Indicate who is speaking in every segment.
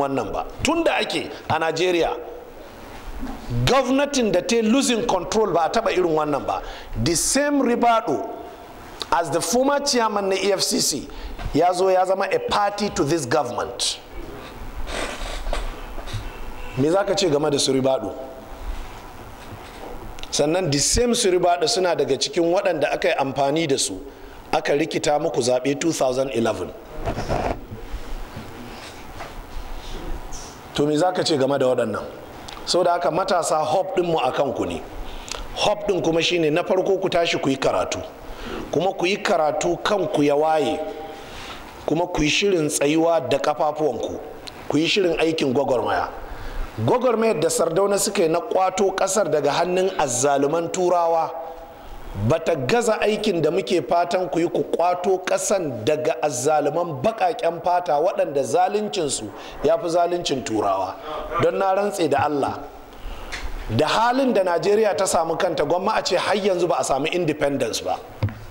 Speaker 1: wannan ba tun da ake a nigeria gwamnatin da ta losing control ba a taba irin wannan ba the same ribado as the former chairman na efcc ya zo ya zama a party to this government me za ka ce game da su ribado sannan the same su ribado suna daga cikin waɗanda aka yi amfani da su aka rikita muku zaɓe 2011 to me zaka ce game da waɗannan da haka matasa hop mu a ku ne hop ɗin kuma shine na farko ku tashi ku yi karatu kuma ku yi karatu ku ya waye kuma ku yi shirin tsayuwa da kafafuwanku ku yi shirin aikin gwagwarmaya gwagwarmayar da sardauna suka yi na kwato kasar daga hannun azzaluman turawa bata gaza aikin da muke fatan ku yi ku kwato kasan daga azzaluman bakaken fata waɗanda zaluncinsu ya fi zaluncin turawa don na rantse da allah da halin da najeriya ta samu kanta gwamma a ce har yanzu ba a samu independence ba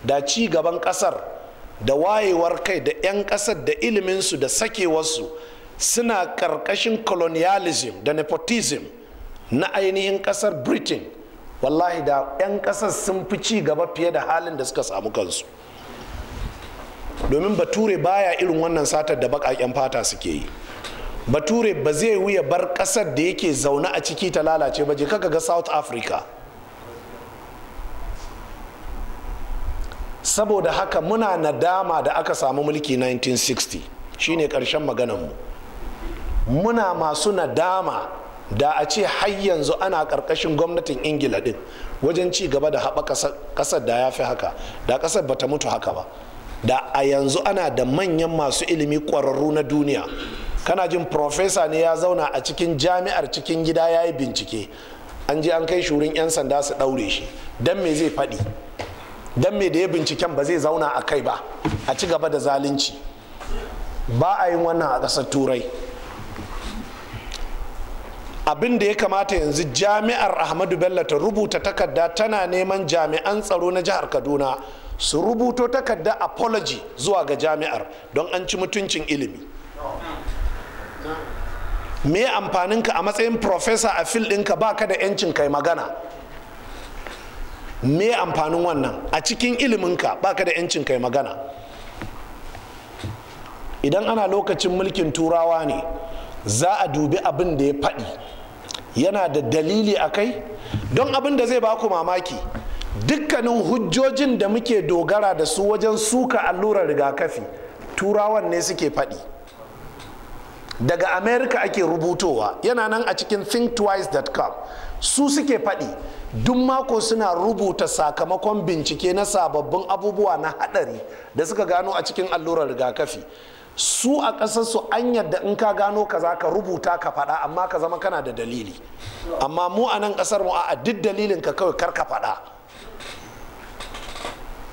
Speaker 1: da ci gaban ƙasar da wayewar kai da 'yan ƙasar da iliminsu da sakewarsu suna ƙarƙashin colonialism da nepotism na ainihin ƙasar britain wallahi da 'yan ƙasar sun fi ci gaba fiye da halin da suka samu kansu domin bature baya irin wannan satar da baƙaƙen fata suke yi bature ba zai wuya bar ƙasar da yake zaune a ciki ta lalace ba je kaka ga south africa saboda haka muna nadama da aka samu mulki 1960 shine ƙarshen maganarmu muna masu nadama da a ce har yanzu ana karkashin gwamnatin ingila din wajen ci gaba da haɓa ƙasar da ya fi haka da ƙasar bata mutu haka ba da a yanzu ana da manyan masu ilimi ƙwararru na duniya kana jin profesa ne ya zauna a cikin jami'ar cikin gida ya yi bincike an je an kai shurin 'yan sanda su ɗaure shi don me zai faɗi don me da ya binciken ba zai zauna a kai ba a ci gaba da zalunci ba a yin wannan a ƙasar turai abin da ya kamata yanzu jami'ar ahmadu bello ta rubuta takarda tana neman jami'an tsaro na jihar kaduna su rubuto takarda apology zuwa ga jami'ar don an ci mutuncin ilimi me amfaninka a matsayin profesa a fil ɗinka baka da 'yancin kai magana me amfanin wannan a cikin iliminka baka da 'yancin kai magana idan ana lokacin mulkin turawa ne za a dubi abin da ya faɗi yana da dalili a kai don abin da zai baku mamaki dukkanin hujjojin da muke dogara da su wajen suka allurar rigakafi turawan ne suke faɗi daga america ake rubutowa yana nan a cikin thinktwice.com su suke faɗi duk mako suna rubuta sakamakon bincike na sababbin abubuwa na haɗari da suka gano a cikin allurar rigakafi su a ƙasarsu su an yadda in ka gano ka za ka rubuta ka faɗa amma ka zama kana da dalili amma mu a nan ƙasar mu a duk dalilin ka kawai kar ka faɗa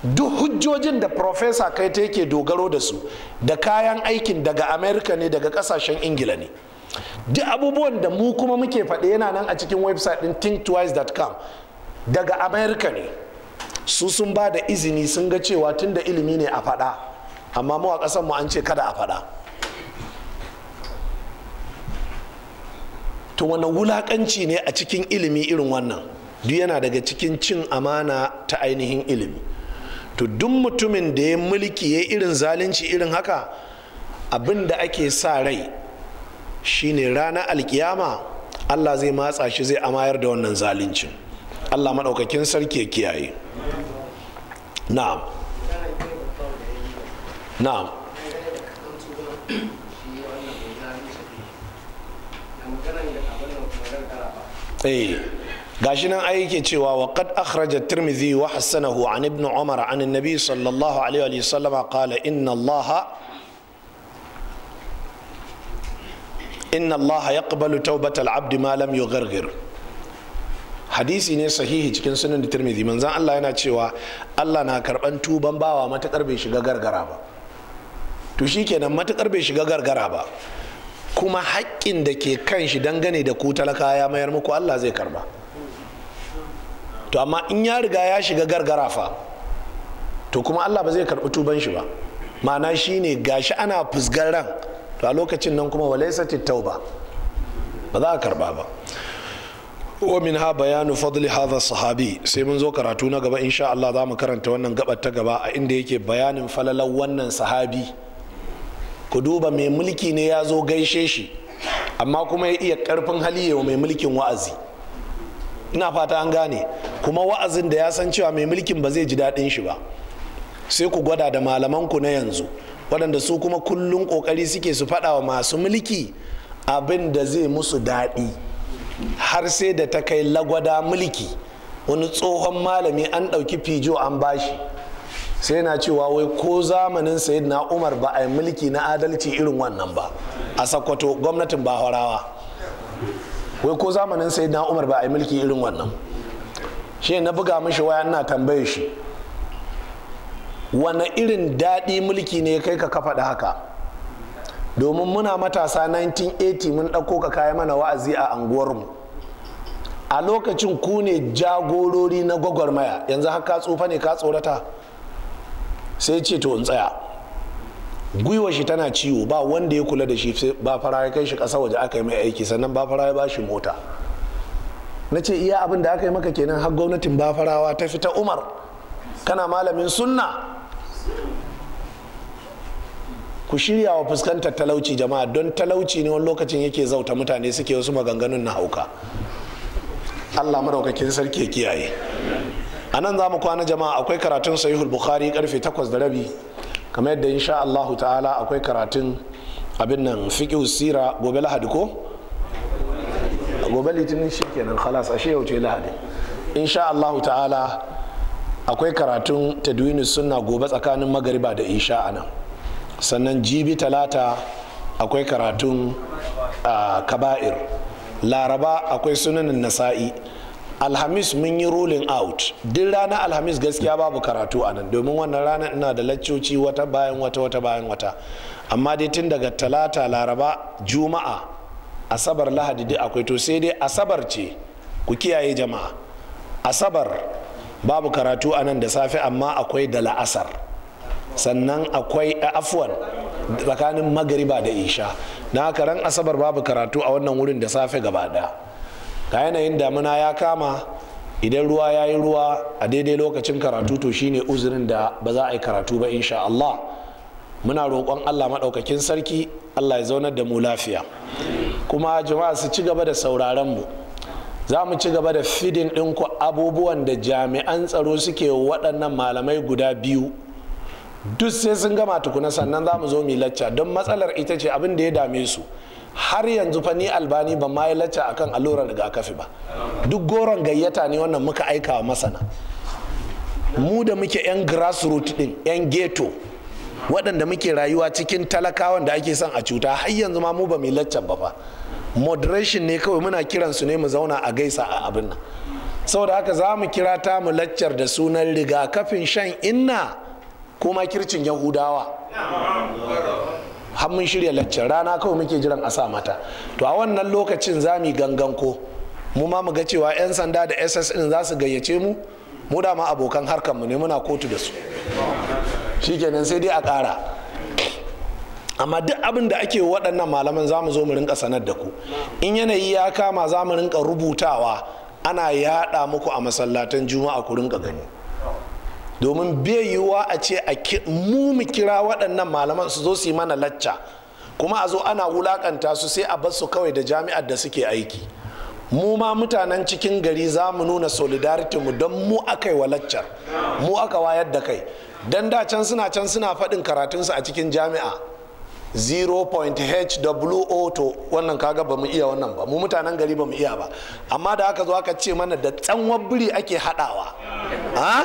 Speaker 1: duk hujjojin da profesa kai ta yake dogaro da su da kayan aikin daga amerika ne daga ƙasashen ingila ne duk abubuwan da mu kuma muke faɗi yana nan a cikin website ɗin thinktwice.com daga amerika ne su sun ba da izini sun ga cewa tun da ilimi ne a faɗa amma mu a ƙasar mu an ce kada a faɗa to wannan wulaƙanci ne a cikin ilimi irin wannan duk yana daga cikin cin amana ta ainihin ilimi to duk mutumin da ya mulki ya irin zalunci irin haka abin da ake sa rai shine ranar alkiyama allah zai matsa shi zai amayar da wannan zaluncin allah maɗaukakin sarki ya kiyaye na'am na'am eh gashi nan ai yake cewa wa qad akhraja tirmidhi wa hasanahu an ibn umar an annabi sallallahu alaihi wa sallam qala inna allaha inna allaha yaqbalu tawbatal abdi ma lam yughargir hadisi ne sahihi cikin sunan tirmidhi manzon Allah yana cewa Allah na karban tuban bawa matakar bai shiga gargara ba to shikenan matukar bai shiga gargara ba kuma haƙƙin da ke kan shi dangane da ku talaka ya mayar muku Allah zai karba to amma in ya riga ya shiga gargara fa to kuma Allah ba zai karbi tuban shi ba ma'ana shine gashi ana fusgar ran to a lokacin nan kuma walaisati tauba ba za a karba ba omin min ha bayanu fadli sahabi sai mun zo karatu na gaba insha Allah za mu karanta wannan gabar ta gaba a inda yake bayanin falalar wannan sahabi ku duba mai mulki ne ya zo gaishe shi amma kuma ya iya karfin hali yau mai mulkin wa'azi ina fata an gane kuma wa'azin da ya san cewa mai mulkin ba zai ji daɗin shi ba sai ku gwada da malaman ku na yanzu waɗanda su kuma kullum ƙoƙari suke su faɗa wa masu mulki abin da zai musu daɗi har sai da ta kai lagwada mulki wani tsohon malami an ɗauki fijo an bashi sai na cewa wai ko zamanin na umar ba a yi mulki na adalci irin wannan ba a sakwato gwamnatin bahorawa wai ko zamanin na umar ba a yi mulki irin wannan shi na buga mishi waya ina tambaye shi wane irin daɗi mulki ne kai ka kafa da haka domin muna matasa 1980 mun ɗauko ka kaya mana wa'azi a anguwarmu a lokacin ku ne jagorori na gwagwarmaya yanzu haka tsufa ne ka tsorata sai ce to in tsaya gwiwa shi tana ciwo ba wanda ya kula da shi ba fara ya kai shi kasa waje aka yi mai aiki sannan ba fara ya ba shi mota na ce iya abin da aka yi maka kenan har gwamnatin ba farawa ta fita umar kana malamin sunna ku shirya wa fuskantar talauci jama'a don talauci ne wani lokacin yake zauta mutane suke wasu maganganun na hauka allah maraukakin sarki kiyaye a nan za mu kwana jama'a akwai karatun sahihul bukhari karfe 8 da rabi kamar yadda insha Allah ta'ala akwai karatun abin nan fiqh sira gobe lahadi ko gobe litinin shikenan khalas ashe yau ce lahadi insha Allah ta'ala akwai karatun tadwini sunna gobe tsakanin magariba da isha anan sannan jibi talata akwai karatun ah, kaba'ir laraba akwai sunanin nasa'i alhamis mun yi ruling out duk rana alhamis gaskiya babu karatu a nan domin wannan rana ina da laccoci wata bayan wata wata bayan wata amma dai tun daga talata laraba juma'a asabar lahadi da akwai to sai dai asabar ce ku kiyaye jama'a asabar babu karatu a nan da safe amma akwai da la'asar sannan akwai eh, afwan tsakanin magariba da isha na karen asabar babu karatu a wannan wurin da safe gaba daya ga yanayin damina ya kama idan ruwa ya yi ruwa a daidai lokacin karatu to shine uzurin da ba za a yi karatu ba insha Allah muna roƙon Allah maɗaukakin sarki Allah ya zaunar da mu lafiya kuma jama'a su ci gaba da sauraron mu za mu ci gaba da fidin ɗinku abubuwan da jami'an tsaro suke waɗannan malamai guda biyu duk sai sun gama tukuna sannan za mu zo mu lacca don matsalar ita ce abin da ya dame su har yanzu fa ni albani ban ma lacca akan allurar rigakafi ba duk goron gayyata ne wannan muka aika wa masana mu da muke 'yan grassroots din 'yan ghetto waɗanda muke rayuwa cikin talakawan da ake son a cuta har yanzu ma mu ba mu lacca ba fa moderation ne kawai muna kiran su ne mu zauna a gaisa a abin nan saboda haka za mu kira ta mu laccar da sunan rigakafin shan inna kuma kircin yahudawa har mun shirya laccar rana kawai muke jiran a sa mata to a wannan lokacin za mu gangan ko mu ma mu ga cewa 'yan sanda da ss din za su gayyace mu mu da ma abokan harkar mu ne muna kotu da su shikenan sai dai a kara amma duk abin da ake waɗannan malaman za mu zo mu rinka sanar da ku in yanayi ya kama za mu rinka rubutawa ana yaɗa muku a masallatan juma'a ku rinka gani domin bai yiwuwa a ce a mu mu kira waɗannan malaman su zo su yi mana lacca kuma a zo ana wulakanta su sai a bar su kawai da jami'ar da suke aiki mu ma mutanen cikin gari za mu nuna solidarity mu don mu aka yi wa laccar mu aka wayar da kai don da can suna can suna faɗin karatunsu a cikin jami'a 0.hwo to wannan kaga ba mu iya wannan ba mu mutanen gari ba mu iya ba amma da aka zo aka ce mana da tsanwar biri ake haɗawa ha? Ah?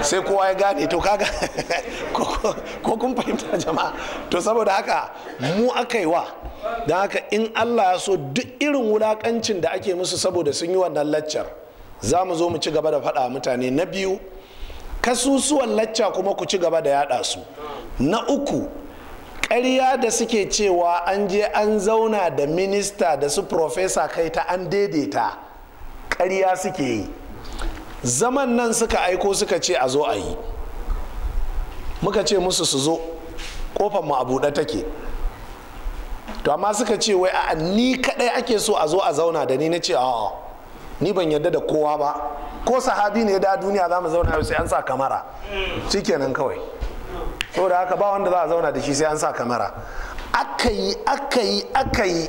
Speaker 1: sai kowa ya gane to kaga ko kun fahimta jama'a to saboda haka mu aka yi wa don haka in allah ya so duk irin wulakancin da ake musu saboda sun yi wannan laccar za mu zo mu ci gaba da faɗa mutane na biyu kasusuwan lacca kuma ku ci gaba da yaɗa su na uku ƙarya da suke cewa an je an zauna da minista da su profesa kai ta an daidaita ƙarya suke yi zaman nan suka aiko suka ce a zo a yi muka ce musu su zo kofar mu a buɗe take to amma suka ce wai a ni kadai ake so a zo a zauna da ni na ce a ni ban yarda da kowa ba ko sahabi ne da duniya za mu zauna sai an sa kamara shikenan kawai saboda haka ba wanda za a zauna da shi sai an sa kamara aka yi aka yi aka yi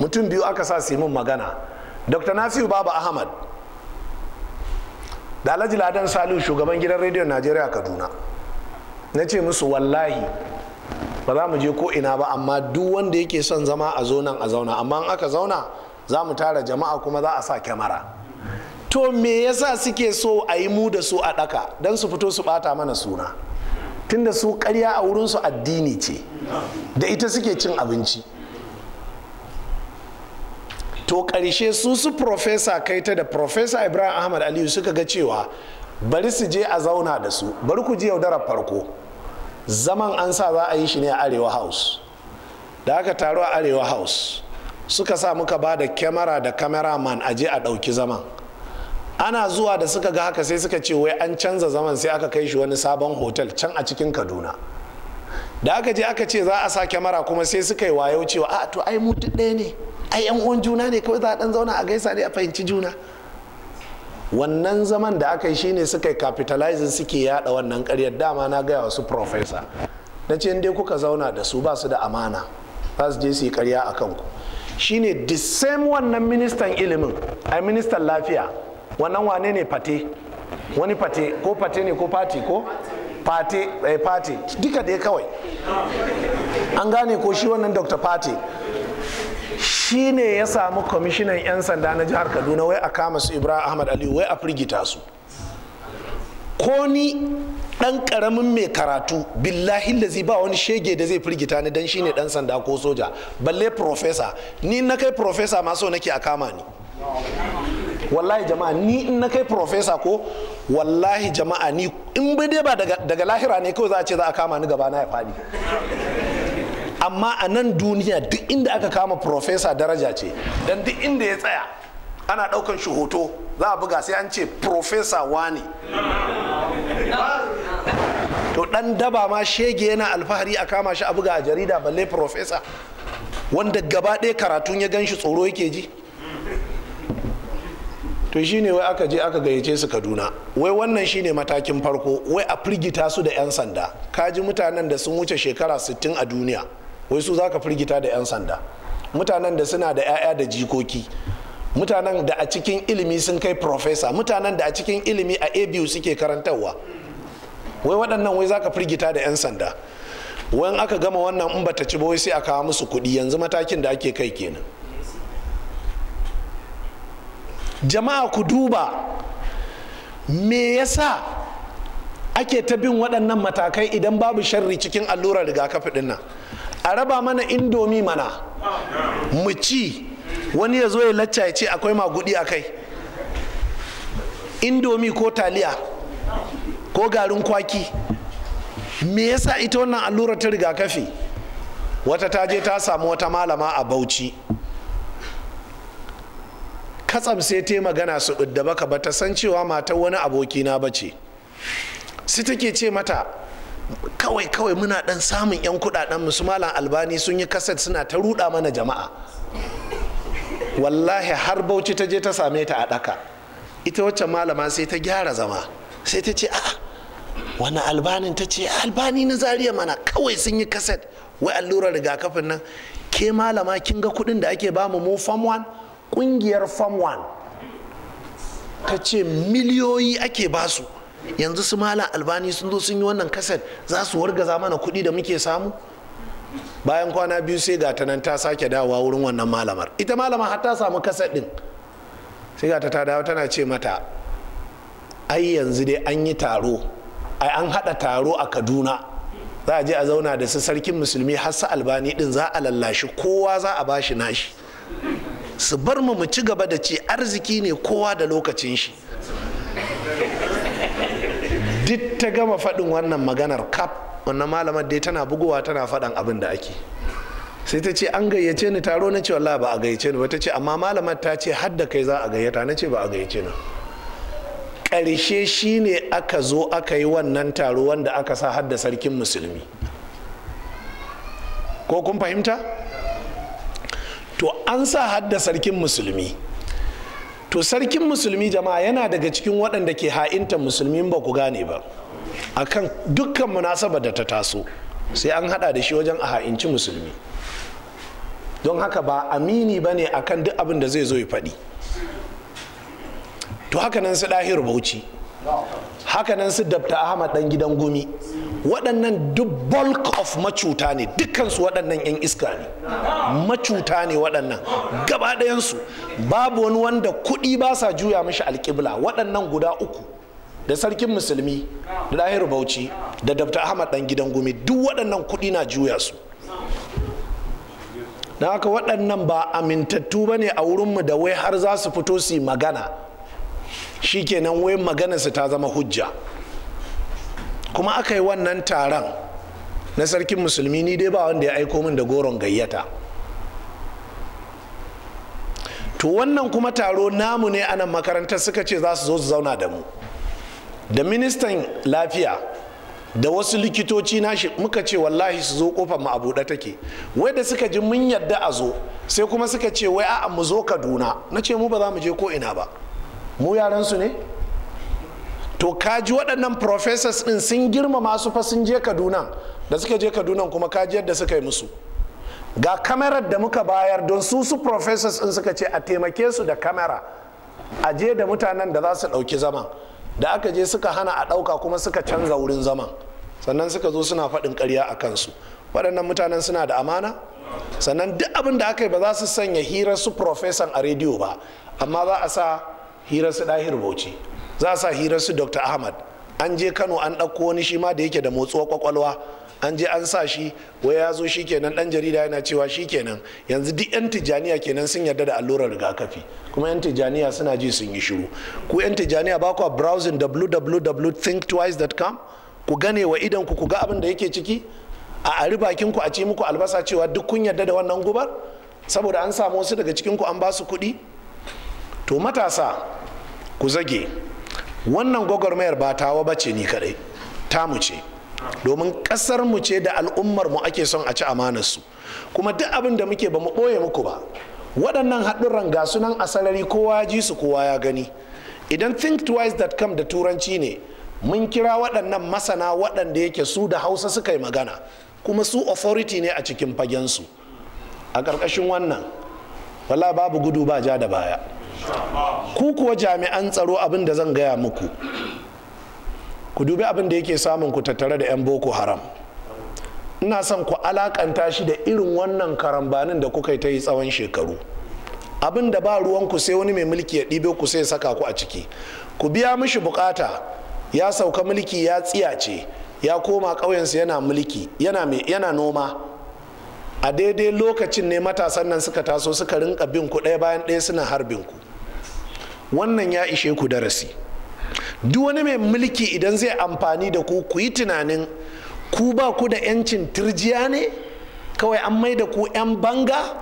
Speaker 1: mutum biyu aka sa su yi min magana dr Nasiru baba ahmad da alhaji ladan salihu shugaban gidan rediyon najeriya kaduna na ce musu wallahi ba za mu je ko ina ba amma duk wanda yake son zama a zonan a zauna amma in aka zauna za mu tara jama'a kuma za a sa kyamara to me yasa suke so a yi mu da su a ɗaka don su fito su bata mana suna tunda su karya a wurinsu addini ce da ita suke cin abinci to karshe su su profesa kai ta da profesa ibrahim ahmad aliyu suka ga cewa bari su je a zauna da su bari ku ji yaudara farko zaman an sa za a yi shi ne a arewa house da aka taru a arewa house suka sa muka ba da kyamara da kameraman a je a ɗauki zaman ana zuwa da suka ga haka sai suka ce wai an canza zaman sai aka kai shi wani sabon hotel can a cikin kaduna da aka je aka ce za a sa kyamara kuma sai suka yi wayo cewa a to ai mu ɗaya ne ai yan uwan juna ne kawai za a dan zauna a gaisa ne a fahimci juna wannan zaman da aka yi shine suka yi capitalizing suke yada wannan karyar dama na gaya wasu professor na ce dai kuka zauna da su basu da amana za su je su yi karya a kanku shine the same wannan ministan ilimin ai ministan lafiya wannan wane ne fate wani fate ko fate ne ko fati ko fate eh, fate duka dai kawai an gane ko shi wannan dr fate shi ne ya samu kwamishinan 'yan sanda na jihar kaduna wai a kama su ibrahim ahmad aliyu wai a firgita su ko ni dan karamin mai karatu billahi lazi ba wani shege da zai firgita ni dan shine dan sanda ko soja balle profesa ni na kai profesa ma so nake a kama ni wallahi jama'a ni in na kai profesa ko wallahi jama'a ni in bai ba daga lahira ne kawai za a ce za a kama ni gaba na ya faɗi amma a nan duniya duk inda aka kama profesa daraja ce don duk inda ya tsaya ana ɗaukan shi hoto za a buga sai an ce profesa wani to dan daba ma shege yana alfahari a kama shi a buga a jarida balle profesa wanda gaba ɗaya karatun ya gan shi tsoro yake ji to shi ne wai aka je aka gayyace su kaduna wai wannan shi ne matakin farko wai a firgita su da 'yan sanda kaji mutanen da sun wuce shekara 60 a duniya wai su za ka firgita da 'yan sanda mutanen da suna da 'ya'ya da jikoki mutanen da a cikin ilimi sun kai profesa mutanen da a cikin ilimi a abu suke karantarwa wai waɗannan wai za ka firgita da 'yan sanda wai aka gama wannan in bata ci wai sai a kawo musu kuɗi yanzu matakin da ake kai kenan jama'a ku duba me yasa ake ta bin waɗannan matakai idan babu sharri cikin allurar rigakafi ɗin nan a raba mana indomi mana mu ci wani ya zo ya lacca ya ce akwai magudi a kai indomi ko taliya ko garin kwaki me yasa ita wannan allura ta rigakafi wata ta je ta samu wata malama a bauchi katsam sai ta magana su da baka ba ta san cewa matar wani abokina ba ce su take ce mata kawai kawai muna dan samun yan kudaden musu malam albani sun yi kaset suna ta ruda mana jama'a wallahi har bauchi ta je ta same ta a daka ita wacce malama sai ta gyara zama sai ta ce a'a wani albanin ta ce albani na zariya mana kawai sun yi kaset wai allurar rigakafin nan ke malama kin ga kudin da ake bamu mu form 1 kungiyar form 1 ta ce miliyoyi ake basu yanzu su malam albani sun zo sun yi wannan kaset za su wargaza mana kuɗi da muke samu bayan kwana biyu sai ga ta nan ta sake dawowa wurin wannan malamar ita malama har ta samu kaset ɗin sai ga ta ta dawo tana ce mata ai yanzu dai an yi taro ai an haɗa taro a kaduna za a je a zauna da su sarkin musulmi har su albani ɗin za a lallashi kowa za a bashi nashi su bar mu mu ci gaba da ci arziki ne kowa da lokacin shi duk ta gama faɗin wannan maganar kaf wannan malamar dai tana bugowa tana faɗan abin da ake sai ta ce an gayyace ni taro na ce wallahi ba a gayyace ni ba ta ce amma malamar ta ce har kai za a gayyata na ce ba a gayyace ni ƙarshe shine aka zo aka yi wannan taro wanda aka sa har da sarkin musulmi ko kun fahimta to an sa har da sarkin musulmi to sarkin musulmi jama'a yana daga cikin waɗanda ke ha'inta musulmi ba ku gane ba akan dukkan munasaba da ta taso sai an hada da shi wajen a ha'inci musulmi don haka ba amini ba ne akan duk abin da zai zo ya faɗi to haka nan su ɗahir bauchi haka nan su dabta ahmad ɗan gidan gumi waɗannan duk bulk of macuta ne dukkansu waɗannan 'yan iska ne macuta ne waɗannan gaba ɗayansu babu wani wanda kuɗi ba sa juya mashi alƙibla waɗannan guda uku da sarkin musulmi da lahiru bauchi da dabta ahmad ɗan gidan gumi duk waɗannan kuɗi na juya su da haka waɗannan ba amintattu ba ne a wurinmu da wai har za su fito su yi magana shi kenan wai maganarsu ta zama hujja kuma aka yi wannan taron na sarkin musulmi ni dai ba wanda ya aiko min da goron gayyata to wannan kuma taro namu ne anan makarantar suka ce za su zo su zauna da mu da ministan lafiya da wasu likitoci nashi muka ce wallahi su zo kofar mu a buɗe take wai da suka ji mun yadda a zo sai kuma suka ce wai a'a mu zo kaduna na ce mu ba za mu je ko ina ba mu yaran su ne to kaji waɗannan professors ɗin sun girmama su fa sun je kaduna da suka je kaduna kuma kaji yadda suka yi musu ga kamarar da muka bayar don su su professors ɗin suka ce a taimake su da kamera a je da mutanen da za su ɗauki zaman da aka je suka hana a ɗauka kuma suka canza wurin zaman sannan suka zo suna faɗin ƙarya a kansu waɗannan mutanen suna da amana sannan duk abin da aka yi ba za su sanya hirar su profesan a rediyo ba amma za a sa hirar su ɗahir bauchi za a sa hirar su dr ahmad an je kano an ɗauko wani shi ma da yake da motsuwar kwakwalwa an je an sa shi wai ya zo shi shikenan dan jarida yana cewa shi shikenan yanzu duk yan tijjaniya kenan sun yarda da allurar rigakafi kuma yan Tijaniya suna ji sun yi shiru ku yan tijjaniya ba ku browsing www.thinktwice.com ku gane wa idan ku ku ga abin da yake ciki a ari bakin ku a ci muku albasa cewa duk kun yarda da wannan gubar saboda an samu wasu daga cikin ku an ba su kuɗi to matasa ku zage wannan gwagwarmayar ba tawa ba ce ni kadai ta mu ce domin kasar mu ce da al'ummar mu ake son a ci amanar su kuma duk abin da muke ba mu ɓoye muku ba waɗannan haɗurran ga sunan a sarari kowa ji su kowa ya gani idan think thinktwice.com da turanci ne mun kira waɗannan masana waɗanda yake su da hausa suka yi magana kuma su authority ne a cikin fagensu a ƙarƙashin wannan wala babu gudu ba ja da baya ku kuwa jami'an tsaro abin da zan gaya muku ku dubi abin da yake samun ku tattare da 'yan boko haram ina son ku alakanta shi da irin wannan karambanin da kuka yi ta yi tsawon shekaru abin da ba ruwanku sai wani mai mulki ya ɗibe ku sai saka ku a ciki ku biya mishi bukata ya sauka mulki ya tsiyace ya koma ƙauyensa yana mulki yana noma a daidai lokacin ne matasan nan suka taso suka rinka bin ku ɗaya bayan ɗaya suna harbin ku wannan ya ishe ku darasi duk wani mai mulki idan zai amfani da ku ku yi tunanin ku ba ku da 'yancin turjiya ne kawai an mai da ku 'yan banga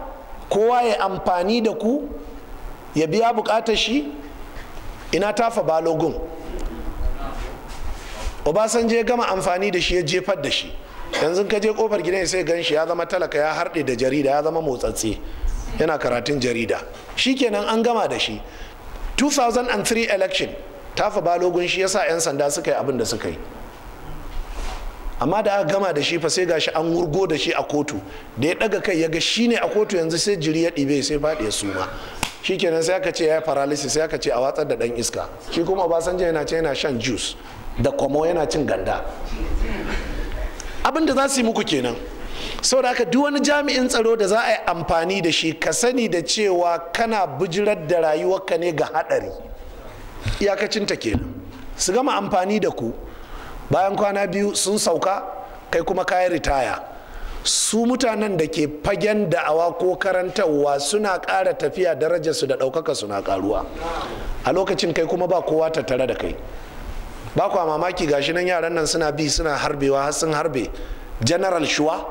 Speaker 1: kowa ya amfani da ku ya biya bukatar shi ina tafa balogun obasanje ya gama amfani da shi ya jefar da shi yanzu ka je kofar gidan sai gan shi ya zama talaka ya harɗe da jarida ya zama motsatse yana karatun jarida shi shikenan an gama da shi 2003 election tafa balogun shi yasa 'yan sanda suka yi abin da suka yi amma da aka gama da shi fa sai gashi an wurgo da shi a kotu da ya daga kai ya ga ne a kotu yanzu sai jiri ya ɗibe sai faɗi ya suma shikenan sai aka ce ya yi paralysis sai aka ce a watsar da dan iska shi kuma obasanjo yana ce yana shan juice da kwamo yana cin ganda abin da za su yi muku kenan saboda haka duk wani jami'in tsaro da za a yi amfani da shi ka sani da cewa kana bijirar da rayuwarka ne ga haɗari iyakacinta kenan su gama amfani da ku bayan kwana biyu sun sauka kai kuma kayi ritaya su mutanen da ke fagen da'awa ko karantarwa suna ƙara tafiya darajarsu da ɗaukaka suna ƙaruwa a lokacin kai kuma ba kowa tattare da kai ba kwa mamaki gashi nan yaran nan suna bi suna harbewa har sun harbe general shuwa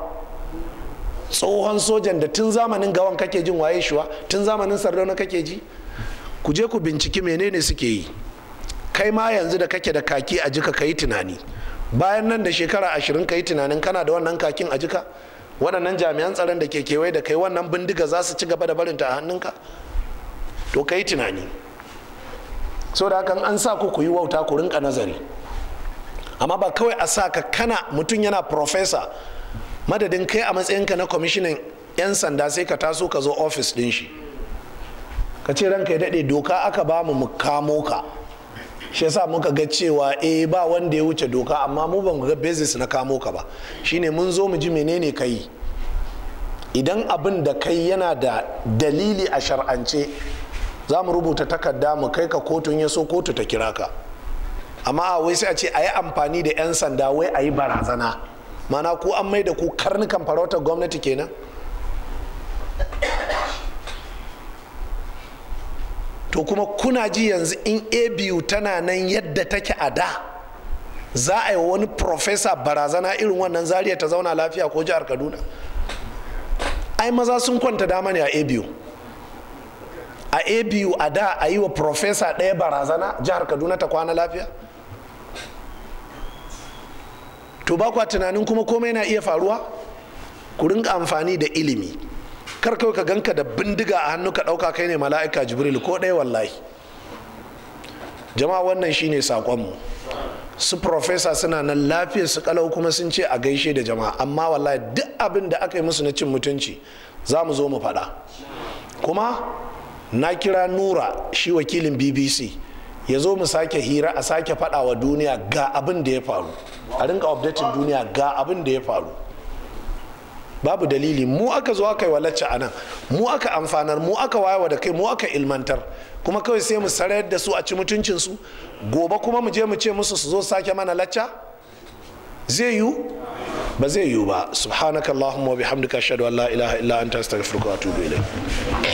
Speaker 1: tsohon sojan da tun zamanin gawan kake jin waye shuwa tun zamanin sardauna kake ji ku je ku binciki menene suke yi kai ma yanzu da kake da kaki a jika ka yi tunani bayan nan da shekara ashirin ka yi tunanin kana da wannan kakin a jika waɗannan jami'an tsaron da ke kewaye da kai wannan bindiga za su ci gaba da barinta a hannunka to ka yi tunani so da hakan an sa ku ku yi wauta ku rinka nazari amma ba kawai a sa ka kana mutum yana profesa madadin kai a matsayinka na kwamishinan 'yan sanda sai ka taso ka zo ofis din shi ka ce ranka ya daɗe doka aka ba mu kamo ka shi yasa muka ga cewa e ba wanda ya wuce doka amma mu ba ga basis na kamo ka ba shine mun zo mu ji menene ka yi idan abin da kai yana da dalili a shar'ance za mu rubuta takarda mu kai ka kotun ya so kotu ta kira ka amma wai sai a ce a yi amfani da 'yan sanda wai a yi barazana mana ku an mai da ku karnukan farautar gwamnati kenan to kuma kuna ji yanzu in abu tana nan yadda take a da za a yi wani profesa barazana irin wannan zariya ta zauna lafiya ko jihar kaduna ai maza sun kwanta dama ne a abu a abu a da a yi wa profesa ɗaya barazana jihar kaduna ta kwana lafiya to ba kwa tunanin kuma komai na iya faruwa ku rinka amfani da ilimi kar kawai ka ganka da bindiga a hannu ka ɗauka kai ne mala'ika jibril ko ɗaya wallahi jama'a wannan shine saƙonmu su profesa suna nan lafiyar su kalau kuma sun ce a gaishe da jama'a amma wallahi duk abin da aka yi musu na cin mutunci za mu zo mu faɗa kuma na kira nura shi wakilin bbc ya zo mu sake hira a sake fada wa duniya ga abin da ya faru a rinka updating duniya ga abin da ya faru babu dalili mu aka zo aka yi walacce a nan mu aka amfanar mu aka wayewa da kai mu aka ilmantar kuma kawai sai mu sarayar da su a ci mutuncinsu gobe kuma mu je mu ce musu su zo sake mana lacca zai yiwu ba zai yiwu ba subhanakallahumma wa bihamdika ashhadu la ilaha illa anta astaghfiruka wa atubu